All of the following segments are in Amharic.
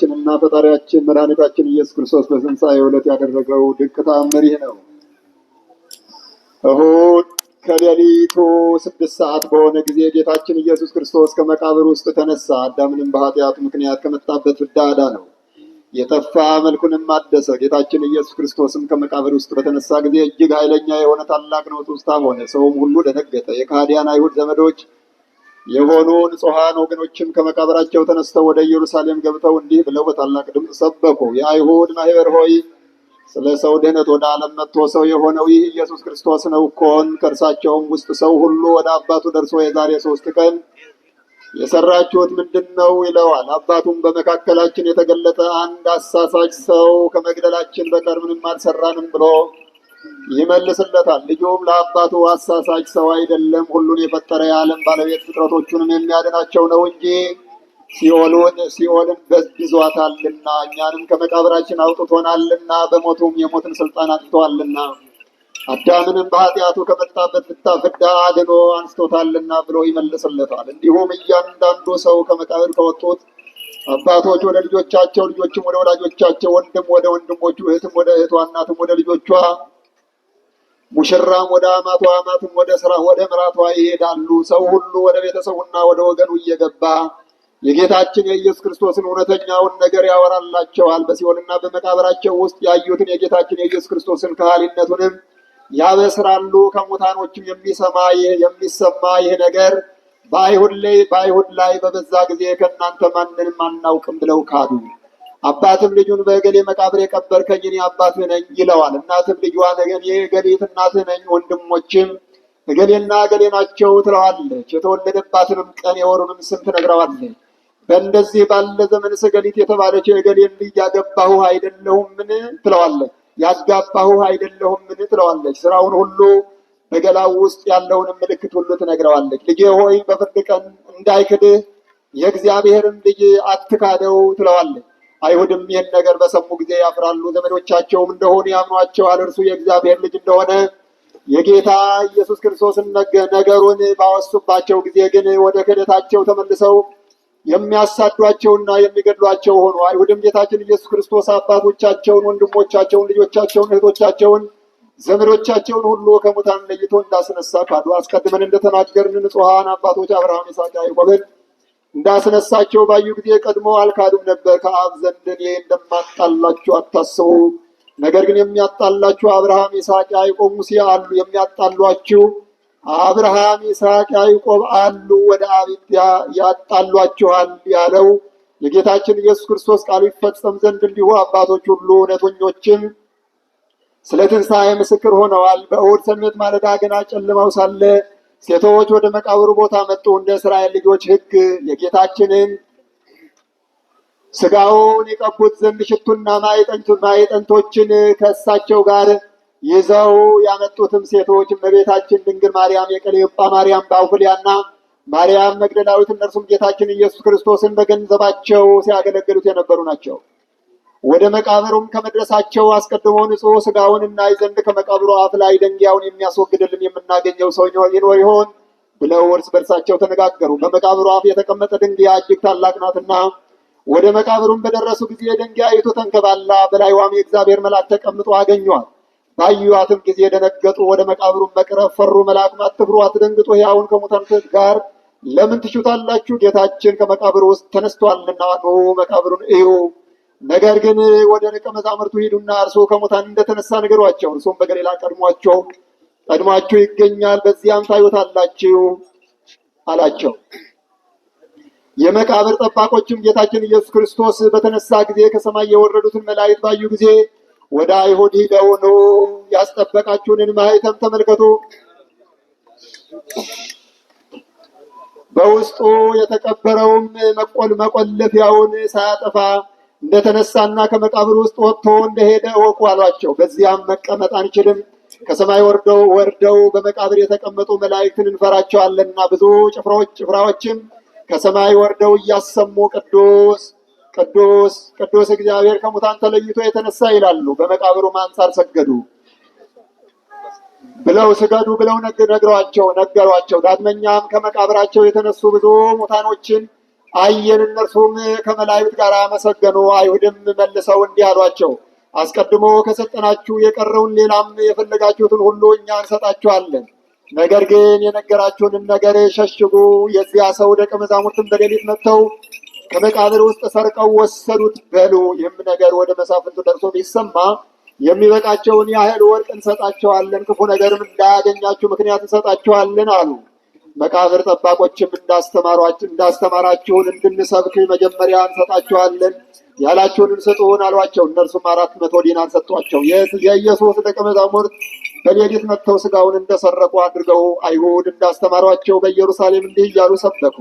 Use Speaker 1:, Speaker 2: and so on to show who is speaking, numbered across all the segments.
Speaker 1: ችንና ፈጣሪያችን መድኃኒታችን ኢየሱስ ክርስቶስ በትንሣኤ ዕለት ያደረገው ድንቅ ተአምር ይህ ነው። እሁድ ከሌሊቱ ስድስት ሰዓት በሆነ ጊዜ ጌታችን ኢየሱስ ክርስቶስ ከመቃብር ውስጥ ተነሳ። አዳምንም በኃጢአቱ ምክንያት ከመጣበት ፍዳ አዳነው፣ የጠፋ መልኩንም አደሰ። ጌታችን ኢየሱስ ክርስቶስም ከመቃብር ውስጥ በተነሳ ጊዜ እጅግ ኃይለኛ የሆነ ታላቅ ነውጥ ውስጥ ሆነ። ሰውም ሁሉ ደነገጠ። የካህዲያን አይሁድ ዘመዶች የሆኑ ንጹሐን ወገኖችም ከመቃብራቸው ተነስተው ወደ ኢየሩሳሌም ገብተው እንዲህ ብለው በታላቅ ድምፅ ሰበኩ። የአይሁድ ማህበር ሆይ ስለ ሰው ድህነት ወደ ዓለም መጥቶ ሰው የሆነው ይህ ኢየሱስ ክርስቶስ ነው እኮን። ከእርሳቸውም ውስጥ ሰው ሁሉ ወደ አባቱ ደርሶ የዛሬ ሶስት ቀን የሰራችሁት ምንድን ነው ይለዋል። አባቱም በመካከላችን የተገለጠ አንድ አሳሳች ሰው ከመግደላችን በቀር ምንም አልሰራንም ብሎ ይመልስለታል። ልጁም ለአባቱ አሳሳች ሰው አይደለም፣ ሁሉን የፈጠረ የዓለም ባለቤት ፍጥረቶቹንም የሚያድናቸው ነው እንጂ ሲኦሉን ሲኦልን በዝብዟታልና እኛንም ከመቃብራችን አውጥቶናልና በሞቱም የሞትን ስልጣን አጥቷልና አዳምንም በኃጢአቱ ከመጣበት ፍዳ አድኖ አንስቶታልና ብሎ ይመልስለታል። እንዲሁም እያንዳንዱ ሰው ከመቃብር ከወጡት አባቶች ወደ ልጆቻቸው፣ ልጆችም ወደ ወላጆቻቸው፣ ወንድም ወደ ወንድሞቹ፣ እህትም ወደ እህቷ፣ እናትም ወደ ልጆቿ ሙሽራም ወደ አማቷ አማትም ወደ ስራ ወደ ምራቷ ይሄዳሉ። ሰው ሁሉ ወደ ቤተሰቡና ወደ ወገኑ እየገባ የጌታችን የኢየሱስ ክርስቶስን እውነተኛውን ነገር ያወራላቸዋል። በሲኦልና በመቃብራቸው ውስጥ ያዩትን የጌታችን የኢየሱስ ክርስቶስን ከሃሊነቱንም ያበስራሉ። ከሙታኖችም የሚሰማ የሚሰማ ይህ ነገር በአይሁድ ላይ በአይሁድ ላይ በበዛ ጊዜ ከእናንተ ማንንም አናውቅም ብለው ካዱ። አባትም ልጁን በእገሌ መቃብር የቀበርከኝ እኔ አባትህ ነኝ ይለዋል። እናትም ልጇን እኔ እገሊት እናትህ ነኝ፣ ወንድሞችም እገሌና እገሌ ናቸው ትለዋለች። የተወለደባትንም ቀን የወሩንም ስም ትነግረዋለች። በእንደዚህ ባለ ዘመን ስገሊት የተባለች የእገሌን ልጅ ያገባሁ አይደለሁምን ትለዋለች። ያጋባሁ አይደለሁምን ትለዋለች። ስራውን ሁሉ በገላው ውስጥ ያለውንም ምልክት ሁሉ ትነግረዋለች። ልጄ ሆይ በፍርድ ቀን እንዳይክድህ የእግዚአብሔርን ልጅ አትካደው ትለዋለች። አይሁድም ይህን ነገር በሰሙ ጊዜ ያፍራሉ፣ ዘመዶቻቸውም እንደሆኑ ያምኗቸዋል። እርሱ የእግዚአብሔር ልጅ እንደሆነ የጌታ ኢየሱስ ክርስቶስን ነገሩን ባወሱባቸው ጊዜ ግን ወደ ክህደታቸው ተመልሰው የሚያሳዷቸውና የሚገድሏቸው ሆኑ። አይሁድም ጌታችን ኢየሱስ ክርስቶስ አባቶቻቸውን፣ ወንድሞቻቸውን፣ ልጆቻቸውን፣ እህቶቻቸውን፣ ዘመዶቻቸውን ሁሉ ከሙታን ለይቶ እንዳስነሳ ካሉ አስቀድመን እንደተናገርን ንጹሐን አባቶች አብርሃም፣ ይስሐቅ፣ ያዕቆብን እንዳስነሳቸው ባዩ ጊዜ ቀድሞ አልካዱም ነበር። ከአብ ዘንድ እኔ እንደማጣላችሁ አታስቡ። ነገር ግን የሚያጣላችሁ አብርሃም፣ ይስሐቅ፣ ያዕቆብ፣ ሙሴ አሉ። የሚያጣሏችሁ አብርሃም፣ ይስሐቅ፣ ያዕቆብ አሉ። ወደ አብ ያጣሏችኋል ያለው የጌታችን ኢየሱስ ክርስቶስ ቃሉ ይፈጸም ዘንድ እንዲሁ አባቶች ሁሉ እውነተኞችም ስለ ትንሣኤ ምስክር ሆነዋል። በእሑድ ሰሜት ማለዳ ገና ጨልማው ሳለ ሴቶች ወደ መቃብሩ ቦታ መጡ። እንደ እስራኤል ልጆች ሕግ የጌታችንን ስጋውን የቀቡት ዘንድ ሽቱና ማዕጠንቶችን ከእሳቸው ጋር ይዘው ያመጡትም ሴቶች እመቤታችን ድንግል ማርያም፣ የቀለዮጳ ማርያም፣ ባውፍሊያና ማርያም መግደላዊት እነርሱም ጌታችን ኢየሱስ ክርስቶስን በገንዘባቸው ሲያገለግሉት የነበሩ ናቸው። ወደ መቃብሩም ከመድረሳቸው አስቀድሞ ንጹሕ ስጋውን እናይ ዘንድ ከመቃብሩ አፍ ላይ ደንጊያውን የሚያስወግድልን የምናገኘው ሰው ይኖር ይሆን ብለው እርስ በርሳቸው ተነጋገሩ። በመቃብሩ አፍ የተቀመጠ ድንጊያ እጅግ ታላቅ ናትና ወደ መቃብሩም በደረሱ ጊዜ ድንጋይቱ ተንከባላ፣ በላይዋም የእግዚአብሔር መልአክ ተቀምጦ አገኟል። ባዩዋትም ጊዜ ደነገጡ። ወደ መቃብሩም መቅረብ ፈሩ። መልአኩም አትፍሩ፣ አትደንግጡ፣ ሕያውን ከሙታን ጋር ለምን ትሹታላችሁ? ጌታችን ከመቃብሩ ውስጥ ተነስቷልና መቃብሩን እዩ ነገር ግን ወደ ደቀ መዛሙርቱ ሂዱና እርሱ ከሙታን እንደተነሳ ነገሯቸው እርሱም በገሊላ ቀድሟቸው ቀድሟቸው ይገኛል፣ በዚያም ታዩታላችሁ አላቸው። የመቃብር ጠባቆችም ጌታችን ኢየሱስ ክርስቶስ በተነሳ ጊዜ ከሰማይ የወረዱትን መላእክት ባዩ ጊዜ ወደ አይሁድ ሂደው ኑ ያስጠበቃችሁንን ማኅተም ተመልከቱ፣ በውስጡ የተቀበረውም መቆል መቆለፊያውን ሳያጠፋ እንደተነሳና ከመቃብር ውስጥ ወጥቶ እንደሄደ እወቁ አሏቸው። በዚያም መቀመጥ አንችልም፣ ከሰማይ ወርደው ወርደው በመቃብር የተቀመጡ መላእክትን እንፈራቸዋለንና ብዙ ጭፍራዎች ጭፍራዎችም ከሰማይ ወርደው እያሰሙ ቅዱስ ቅዱስ ቅዱስ እግዚአብሔር ከሙታን ተለይቶ የተነሳ ይላሉ። በመቃብሩም አንጻር ሰገዱ ብለው ስገዱ ብለው ነግረዋቸው ነገሯቸው። ዳግመኛም ከመቃብራቸው የተነሱ ብዙ ሙታኖችን አየን። እነርሱም ከመላእክት ጋር አመሰገኑ። አይሁድም መልሰው እንዲህ አሏቸው፣ አስቀድሞ ከሰጠናችሁ የቀረውን ሌላም የፈለጋችሁትን ሁሉ እኛ እንሰጣችኋለን። ነገር ግን የነገራችሁንን ነገር ሸሽጉ። የዚያ ሰው ደቀ መዛሙርትን በሌሊት መጥተው ከመቃብር ውስጥ ሰርቀው ወሰዱት በሉ። ይህም ነገር ወደ መሳፍንቱ ደርሶ ቢሰማ የሚበቃቸውን ያህል ወርቅ እንሰጣቸዋለን፣ ክፉ ነገርም እንዳያገኛችሁ ምክንያት እንሰጣቸዋለን አሉ። መቃብር ጠባቆችም እንዳስተማራችሁን እንድንሰብክ መጀመሪያ እንሰጣችኋለን ያላችሁን እንሰጡን አሏቸው። እነርሱም አራት መቶ ዲናር ሰጧቸው። የኢየሱስ ደቀ መዛሙርት በሌሊት መጥተው ስጋውን እንደሰረቁ አድርገው አይሁድ እንዳስተማሯቸው በኢየሩሳሌም እንዲህ እያሉ ሰበኩ።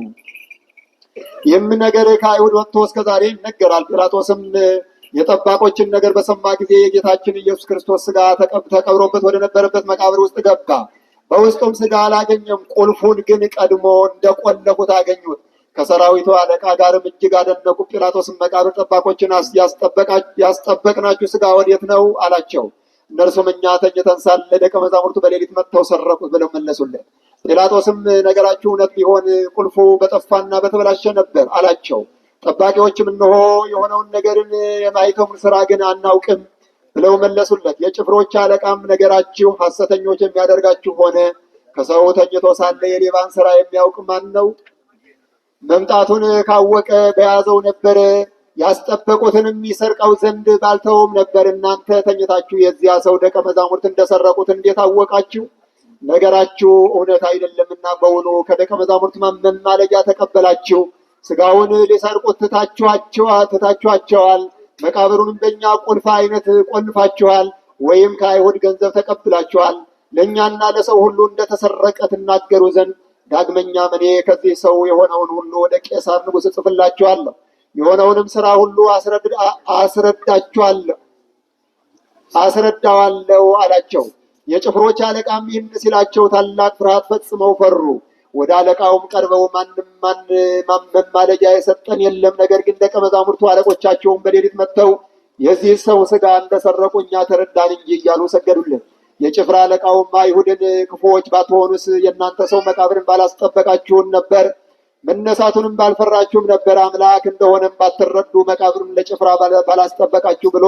Speaker 1: ይህም ነገር ከአይሁድ ወጥቶ እስከ ዛሬ ይነገራል። ጲላጦስም የጠባቆችን ነገር በሰማ ጊዜ የጌታችን ኢየሱስ ክርስቶስ ስጋ ተቀብሮበት ወደ ነበረበት መቃብር ውስጥ ገባ። በውስጡም ስጋ አላገኘም። ቁልፉን ግን ቀድሞ እንደቆለፉት አገኙት። ከሰራዊቱ አለቃ ጋርም እጅግ አደነቁ። ጲላጦስም መቃብር ጠባቆችን ያስጠበቅናችሁ ስጋ ወዴት ነው አላቸው። እነርሱም እኛ ተኝተን ሳለ ደቀ መዛሙርቱ በሌሊት መጥተው ሰረቁት ብለው መለሱለት። ጲላጦስም ነገራችሁ እውነት ቢሆን ቁልፉ በጠፋና በተበላሸ ነበር አላቸው። ጠባቂዎችም እነሆ የሆነውን ነገርን የማይተውን ስራ ግን አናውቅም ብለው መለሱለት። የጭፍሮች አለቃም ነገራችሁ ሐሰተኞች የሚያደርጋችሁ ሆነ፣ ከሰው ተኝቶ ሳለ የሌባን ስራ የሚያውቅ ማን ነው? መምጣቱን ካወቀ በያዘው ነበር፣ ያስጠበቁትንም ይሰርቀው ዘንድ ባልተውም ነበር። እናንተ ተኝታችሁ የዚያ ሰው ደቀ መዛሙርት እንደሰረቁት እንዴት አወቃችሁ? ነገራችሁ እውነት አይደለምና በውኑ ከደቀ መዛሙርት መማለጃ ተቀበላችሁ? ስጋውን ሊሰርቁት ትታችኋቸዋል መቃብሩንም በእኛ ቁልፍ አይነት ቆልፋችኋል፣ ወይም ከአይሁድ ገንዘብ ተቀብላችኋል። ለእኛና ለሰው ሁሉ እንደተሰረቀ ትናገሩ ዘንድ ዳግመኛም እኔ ከዚህ ሰው የሆነውን ሁሉ ወደ ቄሳር ንጉሥ እጽፍላችኋለሁ፣ የሆነውንም ስራ ሁሉ አስረዳችኋለሁ አስረዳዋለሁ አላቸው። የጭፍሮች አለቃም ይህን ሲላቸው ታላቅ ፍርሃት ፈጽመው ፈሩ። ወደ አለቃውም ቀርበው ማንም መማለጃ የሰጠን የለም፣ ነገር ግን ደቀ መዛሙርቱ አለቆቻቸውን በሌሊት መጥተው የዚህ ሰው ስጋ እንደሰረቁ እኛ ተረዳን እንጂ እያሉ ሰገዱልን። የጭፍራ አለቃውም አይሁድን ክፉዎች ባትሆኑስ የእናንተ ሰው መቃብርን ባላስጠበቃችሁን ነበር፣ መነሳቱንም ባልፈራችሁም ነበር፣ አምላክ እንደሆነም ባትረዱ መቃብሩን ለጭፍራ ባላስጠበቃችሁ ብሎ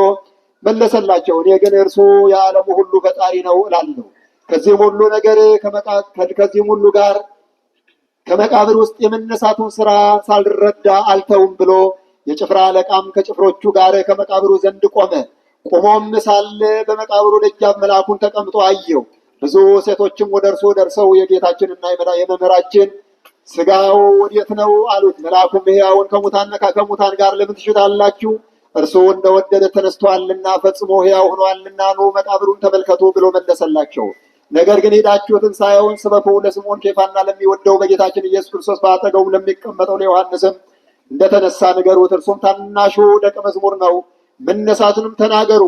Speaker 1: መለሰላቸው። እኔ ግን እርሱ የዓለሙ ሁሉ ፈጣሪ ነው እላለሁ። ከዚህም ሁሉ ነገር ከዚህም ሁሉ ጋር ከመቃብር ውስጥ የመነሳቱን ስራ ሳልረዳ አልተውም ብሎ የጭፍራ አለቃም ከጭፍሮቹ ጋር ከመቃብሩ ዘንድ ቆመ። ቆሞም ሳለ በመቃብሩ ደጃፍ መልአኩን ተቀምጦ አየው። ብዙ ሴቶችም ወደ እርሱ ደርሰው የጌታችንና የመምህራችን ስጋው ወዴት ነው አሉት። መልአኩም ሕያውን ከሙታን ጋር ለምን ትሽታላችሁ? እርሱ እንደወደደ ተነስቷልና ፈጽሞ ሕያው ሆኗልና ኑ መቃብሩን ተመልከቱ ብሎ መለሰላቸው። ነገር ግን ሄዳችሁትን ሳይሆን ስበኩ ለስምዖን ኬፋና ለሚወደው በጌታችን ኢየሱስ ክርስቶስ በአጠገቡ ለሚቀመጠው ለዮሐንስም እንደተነሳ ንገሩት። እርሱም ታናሹ ደቀ መዝሙር ነው። መነሳቱንም ተናገሩ።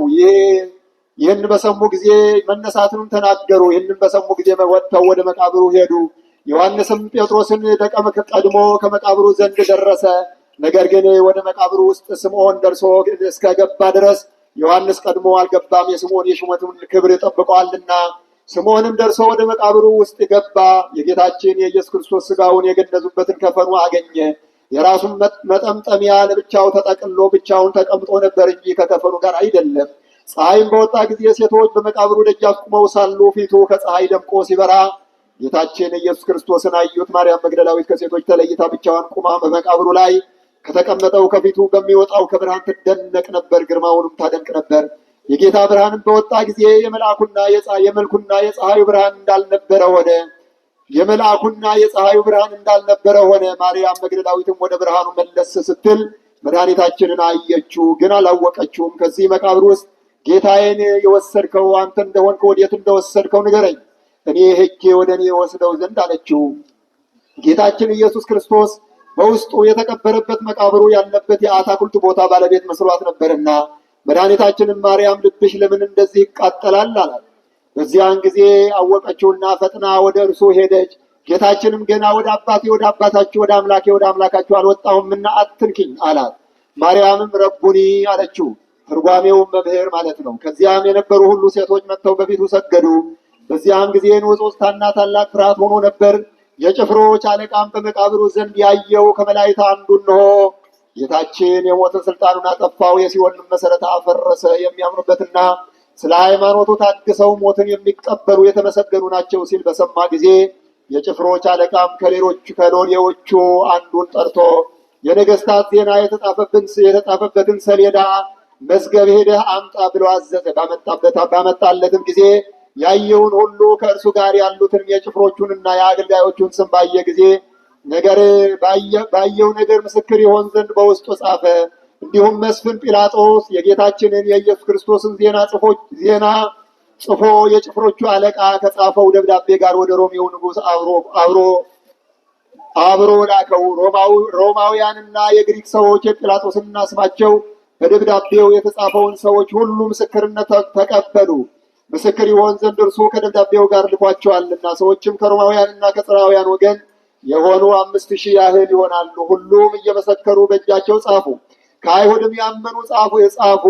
Speaker 1: ይህን በሰሙ ጊዜ መነሳቱንም ተናገሩ። ይህንን በሰሙ ጊዜ ወጥተው ወደ መቃብሩ ሄዱ። ዮሐንስም ጴጥሮስን ደቀ ቀድሞ ከመቃብሩ ዘንድ ደረሰ። ነገር ግን ወደ መቃብሩ ውስጥ ስምዖን ደርሶ እስከገባ ድረስ ዮሐንስ ቀድሞ አልገባም። የስምዖን የሹመቱን ክብር ጠብቋልና። ስምዖንም ደርሶ ወደ መቃብሩ ውስጥ ገባ። የጌታችን የኢየሱስ ክርስቶስ ስጋውን የገነዙበትን ከፈኑ አገኘ። የራሱን መጠምጠሚያ ለብቻው ተጠቅሎ ብቻውን ተቀምጦ ነበር እንጂ ከከፈኑ ጋር አይደለም። ፀሐይም በወጣ ጊዜ ሴቶች በመቃብሩ ደጃፍ ቁመው ሳሉ ፊቱ ከፀሐይ ደምቆ ሲበራ ጌታችን ኢየሱስ ክርስቶስን አዩት። ማርያም መግደላዊት ከሴቶች ተለይታ ብቻዋን ቁማ በመቃብሩ ላይ ከተቀመጠው ከፊቱ በሚወጣው ከብርሃን ትደነቅ ነበር፣ ግርማውንም ታደንቅ ነበር። የጌታ ብርሃንም በወጣ ጊዜ የመልአኩና የመልኩና የፀሐዩ ብርሃን እንዳልነበረ ሆነ። የመልአኩና የፀሐዩ ብርሃን እንዳልነበረ ሆነ። ማርያም መግደላዊትም ወደ ብርሃኑ መለስ ስትል መድኃኒታችንን አየችው፣ ግን አላወቀችውም። ከዚህ መቃብር ውስጥ ጌታዬን የወሰድከው አንተ እንደሆንከ ወዴት እንደወሰድከው ንገረኝ፣ እኔ ሄጄ ወደ እኔ ወስደው ዘንድ አለችው። ጌታችን ኢየሱስ ክርስቶስ በውስጡ የተቀበረበት መቃብሩ ያለበት የአታክልቱ ቦታ ባለቤት መስሏት ነበርና መድኃኒታችንን ማርያም ልብሽ ለምን እንደዚህ ይቃጠላል? አላት። በዚያን ጊዜ አወቀችውና ፈጥና ወደ እርሱ ሄደች። ጌታችንም ገና ወደ አባቴ ወደ አባታችሁ ወደ አምላኬ ወደ አምላካችሁ አልወጣሁምና አትንኪኝ አላት። ማርያምም ረቡኒ አለችው። ትርጓሜውም መምህር ማለት ነው። ከዚያም የነበሩ ሁሉ ሴቶች መጥተው በፊቱ ሰገዱ። በዚያም ጊዜ ንውጽውጽታና ታላቅ ፍርሃት ሆኖ ነበር። የጭፍሮች አለቃም በመቃብሩ ዘንድ ያየው ከመላእክት አንዱ ነሆ። ጌታችን የሞትን ስልጣኑን አጠፋው፣ የሲኦልን መሰረት አፈረሰ የሚያምኑበትና ስለ ሃይማኖቱ ታግሰው ሞትን የሚቀበሉ የተመሰገኑ ናቸው ሲል በሰማ ጊዜ የጭፍሮች አለቃም ከሌሎች ከሎሌዎቹ አንዱን ጠርቶ የነገስታት ዜና የተጻፈበትን ሰሌዳ መዝገብ ሄደህ አምጣ ብሎ አዘዘ። ባመጣለትም ጊዜ ያየውን ሁሉ ከእርሱ ጋር ያሉትን የጭፍሮቹንና የአገልጋዮቹን ስም ባየ ጊዜ ነገር ባየው ነገር ምስክር ይሆን ዘንድ በውስጡ ጻፈ። እንዲሁም መስፍን ጲላጦስ የጌታችንን የኢየሱስ ክርስቶስን ዜና ዜና ጽፎ የጭፍሮቹ አለቃ ከጻፈው ደብዳቤ ጋር ወደ ሮሜው ንጉሥ አብሮ አብሮ ላከው። ሮማውያንና የግሪክ ሰዎች የጲላጦስንና ስማቸው በደብዳቤው የተጻፈውን ሰዎች ሁሉ ምስክርነት ተቀበሉ። ምስክር ይሆን ዘንድ እርሱ ከደብዳቤው ጋር ልኳቸዋልና ሰዎችም ከሮማውያንና ከጽራውያን ወገን የሆኑ አምስት ሺህ ያህል ይሆናሉ። ሁሉም እየመሰከሩ በእጃቸው ጻፉ። ከአይሁድም ያመኑ ጻፉ የጻፉ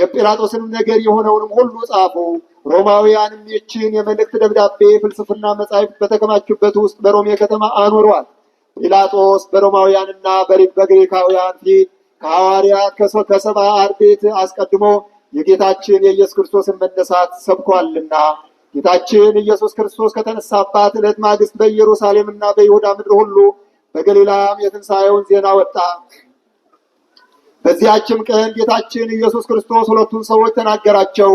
Speaker 1: የጲላጦስንም ነገር የሆነውንም ሁሉ ጻፉ። ሮማውያንም ይችን የመልእክት ደብዳቤ ፍልስፍና መጻሕፍት በተከማቹበት ውስጥ በሮሜ ከተማ አኖሯል። ጲላጦስ በሮማውያንና በግሪካውያን ፊት ከሐዋርያት ከሰብአ አርድእት አስቀድሞ የጌታችን የኢየሱስ ክርስቶስን መነሳት ሰብኳልና ጌታችን ኢየሱስ ክርስቶስ ከተነሳባት ዕለት ማግስት በኢየሩሳሌምና በይሁዳ ምድር ሁሉ በገሊላም የትንሣኤውን ዜና ወጣ። በዚያችም ቀን ጌታችን ኢየሱስ ክርስቶስ ሁለቱን ሰዎች ተናገራቸው።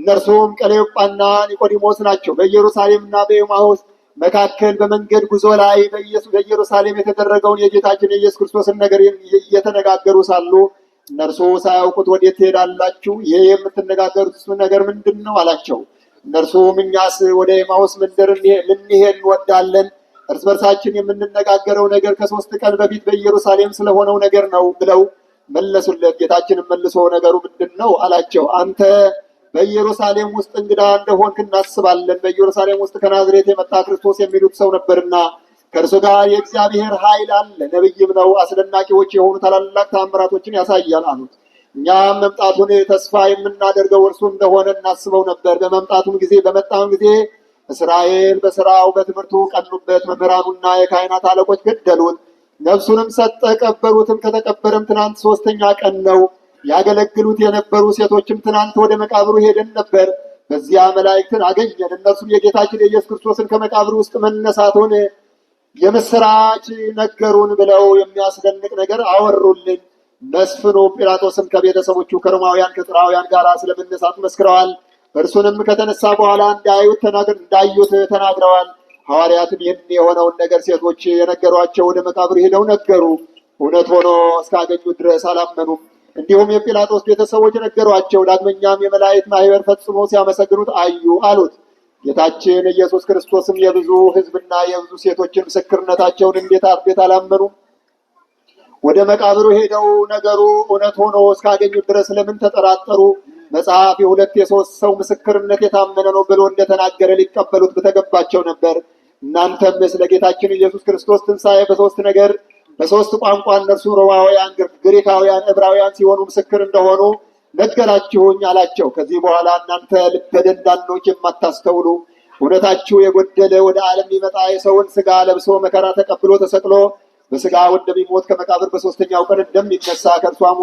Speaker 1: እነርሱም ቀሌዮጳና ኒቆዲሞስ ናቸው። በኢየሩሳሌምና በኤማሁስ መካከል በመንገድ ጉዞ ላይ በኢየሩሳሌም የተደረገውን የጌታችን የኢየሱስ ክርስቶስን ነገር እየተነጋገሩ ሳሉ እነርሱ ሳያውቁት ወዴት ትሄዳላችሁ? ይህ የምትነጋገሩት ነገር ምንድን ነው? አላቸው። እነርሱም እኛስ ወደ ኤማሁስ መንደር ልንሄድ እንወዳለን፣ እርስ በርሳችን የምንነጋገረው ነገር ከሶስት ቀን በፊት በኢየሩሳሌም ስለሆነው ነገር ነው ብለው መለሱለት። ጌታችንም መልሶ ነገሩ ምንድን ነው አላቸው። አንተ በኢየሩሳሌም ውስጥ እንግዳ እንደሆንክ እናስባለን። በኢየሩሳሌም ውስጥ ከናዝሬት የመጣ ክርስቶስ የሚሉት ሰው ነበርና ከእርሱ ጋር የእግዚአብሔር ኃይል አለ፣ ነቢይም ነው፣ አስደናቂዎች የሆኑ ታላላቅ ተአምራቶችን ያሳያል አሉት። እኛም መምጣቱን ተስፋ የምናደርገው እርሱ እንደሆነ እናስበው ነበር። በመምጣቱም ጊዜ በመጣም ጊዜ እስራኤል በስራው በትምህርቱ ቀኑበት። መምህራኑና የካህናት አለቆች ገደሉት፣ ነፍሱንም ሰጠ፣ ቀበሩትም። ከተቀበረም ትናንት ሶስተኛ ቀን ነው። ያገለግሉት የነበሩ ሴቶችም ትናንት ወደ መቃብሩ ሄደን ነበር፣ በዚያ መላእክትን አገኘን። እነርሱም የጌታችን የኢየሱስ ክርስቶስን ከመቃብሩ ውስጥ መነሳቱን የምስራች ነገሩን ብለው የሚያስደንቅ ነገር አወሩልን። መስፍኑ ጲላጦስም ከቤተሰቦቹ ከሮማውያን ከጥራውያን ጋር ስለመነሳት መስክረዋል። እርሱንም ከተነሳ በኋላ እንዳዩት ተናግረዋል። ሐዋርያትም ይህን የሆነውን ነገር ሴቶች የነገሯቸው ወደ መቃብር ሄደው ነገሩ። እውነት ሆኖ እስካገኙት ድረስ አላመኑም። እንዲሁም የጲላጦስ ቤተሰቦች ነገሯቸው። ዳግመኛም የመላእክት ማህበር ፈጽሞ ሲያመሰግኑት አዩ አሉት። ጌታችን ኢየሱስ ክርስቶስም የብዙ ሕዝብና የብዙ ሴቶችን ምስክርነታቸውን እንዴት አላመኑም? ወደ መቃብሩ ሄደው ነገሩ እውነት ሆኖ እስካገኙት ድረስ ለምን ተጠራጠሩ? መጽሐፍ የሁለት የሶስት ሰው ምስክርነት የታመነ ነው ብሎ እንደተናገረ ሊቀበሉት በተገባቸው ነበር። እናንተም ስለ ጌታችን ኢየሱስ ክርስቶስ ትንሣኤ በሶስት ነገር በሶስት ቋንቋ እነርሱ ሮማውያን፣ ግሪካውያን፣ ዕብራውያን ሲሆኑ ምስክር እንደሆኑ ነገራችሁኝ አላቸው። ከዚህ በኋላ እናንተ ልበ ደንዳኖች የማታስተውሉ እውነታችሁ የጎደለ ወደ ዓለም ሊመጣ የሰውን ስጋ ለብሶ መከራ ተቀብሎ ተሰቅሎ በስጋ እንደሚሞት ከመቃብር በሶስተኛው ቀን እንደሚነሳ ከእርሷም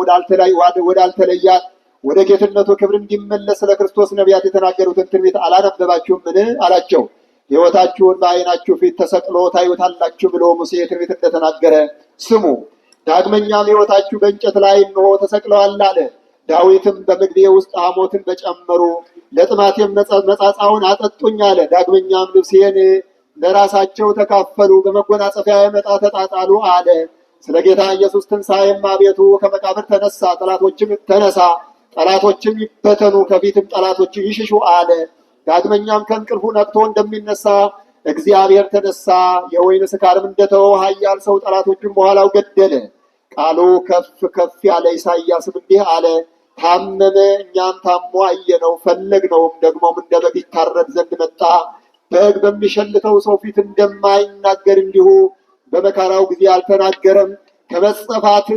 Speaker 1: ወዳልተለያት ወደ ጌትነቱ ክብር እንዲመለስ ስለ ክርስቶስ ነቢያት የተናገሩትን ትንቢት አላነበባችሁም? ምን አላቸው። ሕይወታችሁን በዓይናችሁ ፊት ተሰቅሎ ታዩታላችሁ ብሎ ሙሴ ትንቢት እንደተናገረ ስሙ። ዳግመኛም ሕይወታችሁ በእንጨት ላይ እንሆ ተሰቅለዋል አለ። ዳዊትም በምግቤ ውስጥ ሐሞትን በጨመሩ ለጥማቴም መጻጻውን አጠጡኝ አለ። ዳግመኛም ልብሴን ለራሳቸው ተካፈሉ፣ በመጎናጸፊያ የመጣ ተጣጣሉ አለ። ስለ ጌታ ኢየሱስ ትንሣኤም አቤቱ ከመቃብር ተነሳ፣ ጠላቶችም ተነሳ፣ ጠላቶችም ይበተኑ፣ ከፊትም ጠላቶች ይሽሹ አለ። ዳግመኛም ከእንቅልፉ ነቅቶ እንደሚነሳ እግዚአብሔር ተነሳ፣ የወይን ስካርም እንደተወው ኃያል ሰው ጠላቶቹን በኋላው ገደለ። ቃሉ ከፍ ከፍ ያለ ኢሳይያስም እንዲህ አለ ታመመ፣ እኛም ታሞ አየነው፣ ፈለግነውም፣ ደግሞም እንደ በግ ይታረድ ዘንድ መጣ በሕግ በሚሸልተው ሰው ፊት እንደማይናገር እንዲሁ በመከራው ጊዜ አልተናገረም። ከመጸፋት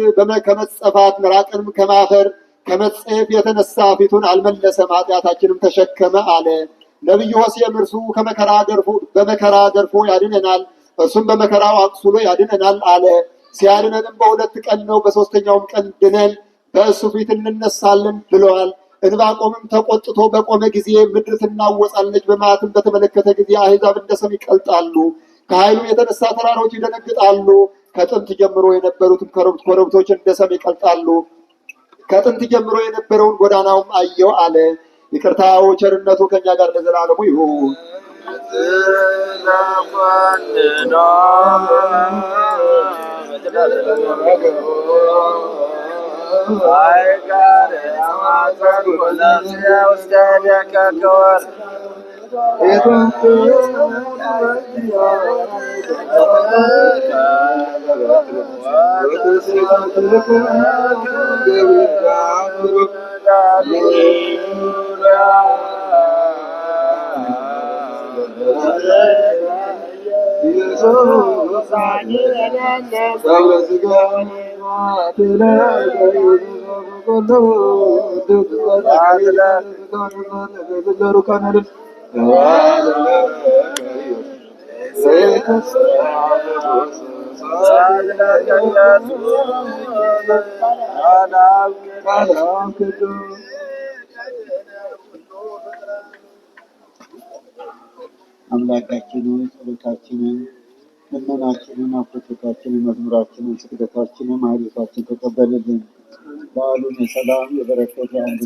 Speaker 1: ከመጸፋት መራቅንም ከማፈር ከመጸየፍ የተነሳ ፊቱን አልመለሰም፣ ኃጢአታችንም ተሸከመ አለ። ነቢዩ ሆሴዕም እርሱ ከመከራ ገርፎ በመከራ ገርፎ ያድነናል፣ እሱም በመከራው አቁስሎ ያድነናል አለ። ሲያድነንም በሁለት ቀን ነው፣ በሶስተኛውም ቀን ድነን በእሱ ፊት እንነሳለን ብለዋል። እንባቆምም ተቆጥቶ በቆመ ጊዜ ምድር ትናወጻለች። በመዓትም በተመለከተ ጊዜ አሕዛብ እንደ ሰም ይቀልጣሉ። ከኃይሉ የተነሳ ተራሮች ይደነግጣሉ። ከጥንት ጀምሮ የነበሩትም ኮረብቶች እንደ ሰም ይቀልጣሉ። ከጥንት ጀምሮ የነበረውን ጎዳናውም አየው አለ። ይቅርታው ቸርነቱ ከእኛ ጋር ለዘላለሙ ይሁን።
Speaker 2: Ai, cara, é uma turbulência, é o sério que agora. E com tudo, eu se manter com ela, delicado, da dura. Sobre o cigano. আমরা একটা কিনুই খাচ্ছি না ልመናችንን፣ አፍቶታችንን፣ መዝሙራችንን፣ ስግደታችንን፣ ማህሌታችንን ተቀበልልን። በዓሉን የሰላም የበረከት የአንድነት